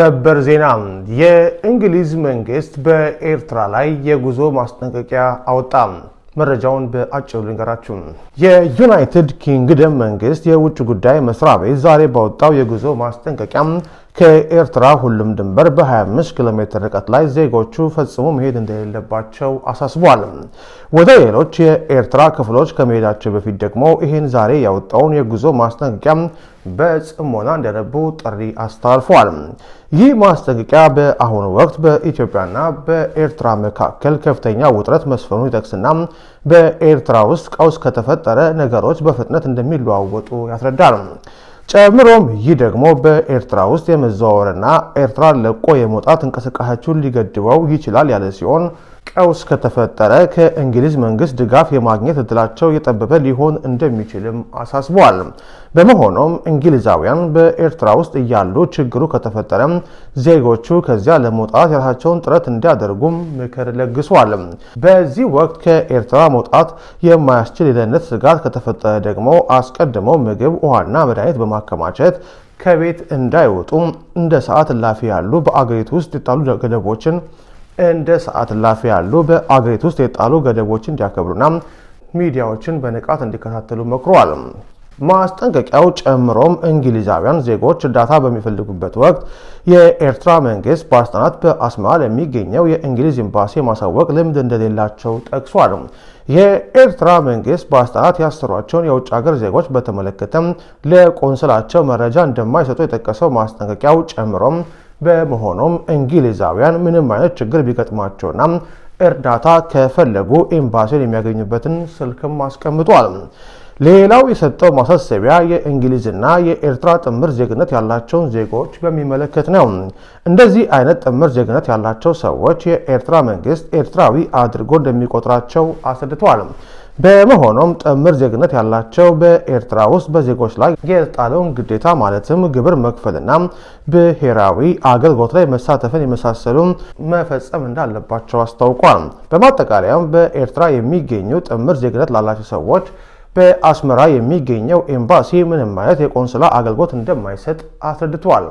ሰበር ዜና። የእንግሊዝ መንግስት በኤርትራ ላይ የጉዞ ማስጠንቀቂያ አወጣ። መረጃውን በአጭሩ ልንገራችሁ። የዩናይትድ ኪንግደም መንግስት የውጭ ጉዳይ መስሪያ ቤት ዛሬ ባወጣው የጉዞ ማስጠንቀቂያ ከኤርትራ ሁሉም ድንበር በ25 ኪሎ ሜትር ርቀት ላይ ዜጎቹ ፈጽሞ መሄድ እንደሌለባቸው አሳስቧል። ወደ ሌሎች የኤርትራ ክፍሎች ከመሄዳቸው በፊት ደግሞ ይህን ዛሬ ያወጣውን የጉዞ ማስጠንቀቂያ በጽሞና እንዲያነቡ ጥሪ አስተላልፈዋል። ይህ ማስጠንቀቂያ በአሁኑ ወቅት በኢትዮጵያና በኤርትራ መካከል ከፍተኛ ውጥረት መስፈኑን ይጠቅስና በኤርትራ ውስጥ ቀውስ ከተፈጠረ ነገሮች በፍጥነት እንደሚለዋወጡ ያስረዳል። ጨምሮም ይህ ደግሞ በኤርትራ ውስጥ የመዘዋወርና ኤርትራ ለቆ የመውጣት እንቅስቃሴዎችን ሊገድበው ይችላል ያለ ሲሆን ቀውስ ከተፈጠረ ከእንግሊዝ መንግስት ድጋፍ የማግኘት እድላቸው የጠበበ ሊሆን እንደሚችልም አሳስቧል። በመሆኑም እንግሊዛውያን በኤርትራ ውስጥ እያሉ ችግሩ ከተፈጠረ ዜጎቹ ከዚያ ለመውጣት የራሳቸውን ጥረት እንዲያደርጉም ምክር ለግሷል። በዚህ ወቅት ከኤርትራ መውጣት የማያስችል የደህንነት ስጋት ከተፈጠረ ደግሞ አስቀድመው ምግብ፣ ውሃና መድኃኒት በማከማቸት ከቤት እንዳይወጡ እንደ ሰዓት እላፊ ያሉ በአገሪቱ ውስጥ የጣሉ ገደቦችን እንደ ሰዓት ላፊ ያሉ በአገሪቱ ውስጥ የጣሉ ገደቦችን እንዲያከብሩና ሚዲያዎችን በንቃት እንዲከታተሉ መክሯል። ማስጠንቀቂያው ጨምሮም እንግሊዛውያን ዜጎች እርዳታ በሚፈልጉበት ወቅት የኤርትራ መንግስት ባለስልጣናት በአስመራ ለሚገኘው የእንግሊዝ ኤምባሲ ማሳወቅ ልምድ እንደሌላቸው ጠቅሷል። የኤርትራ መንግስት ባለስልጣናት ያሰሯቸውን የውጭ ሀገር ዜጎች በተመለከተም ለቆንስላቸው መረጃ እንደማይሰጡ የጠቀሰው ማስጠንቀቂያው ጨምሮም በመሆኑም እንግሊዛውያን ምንም አይነት ችግር ቢገጥማቸውና እርዳታ ከፈለጉ ኤምባሲን የሚያገኙበትን ስልክም አስቀምጧል። ሌላው የሰጠው ማሳሰቢያ የእንግሊዝና የኤርትራ ጥምር ዜግነት ያላቸውን ዜጎች በሚመለከት ነው። እንደዚህ አይነት ጥምር ዜግነት ያላቸው ሰዎች የኤርትራ መንግስት ኤርትራዊ አድርጎ እንደሚቆጥራቸው አስረድተዋል። በመሆኑም ጥምር ዜግነት ያላቸው በኤርትራ ውስጥ በዜጎች ላይ የተጣለውን ግዴታ ማለትም ግብር መክፈልና ብሔራዊ አገልግሎት ላይ መሳተፍን የመሳሰሉ መፈጸም እንዳለባቸው አስታውቋል። በማጠቃለያም በኤርትራ የሚገኙ ጥምር ዜግነት ላላቸው ሰዎች በአስመራ የሚገኘው ኤምባሲ ምንም አይነት የቆንስላ አገልግሎት እንደማይሰጥ አስረድቷል።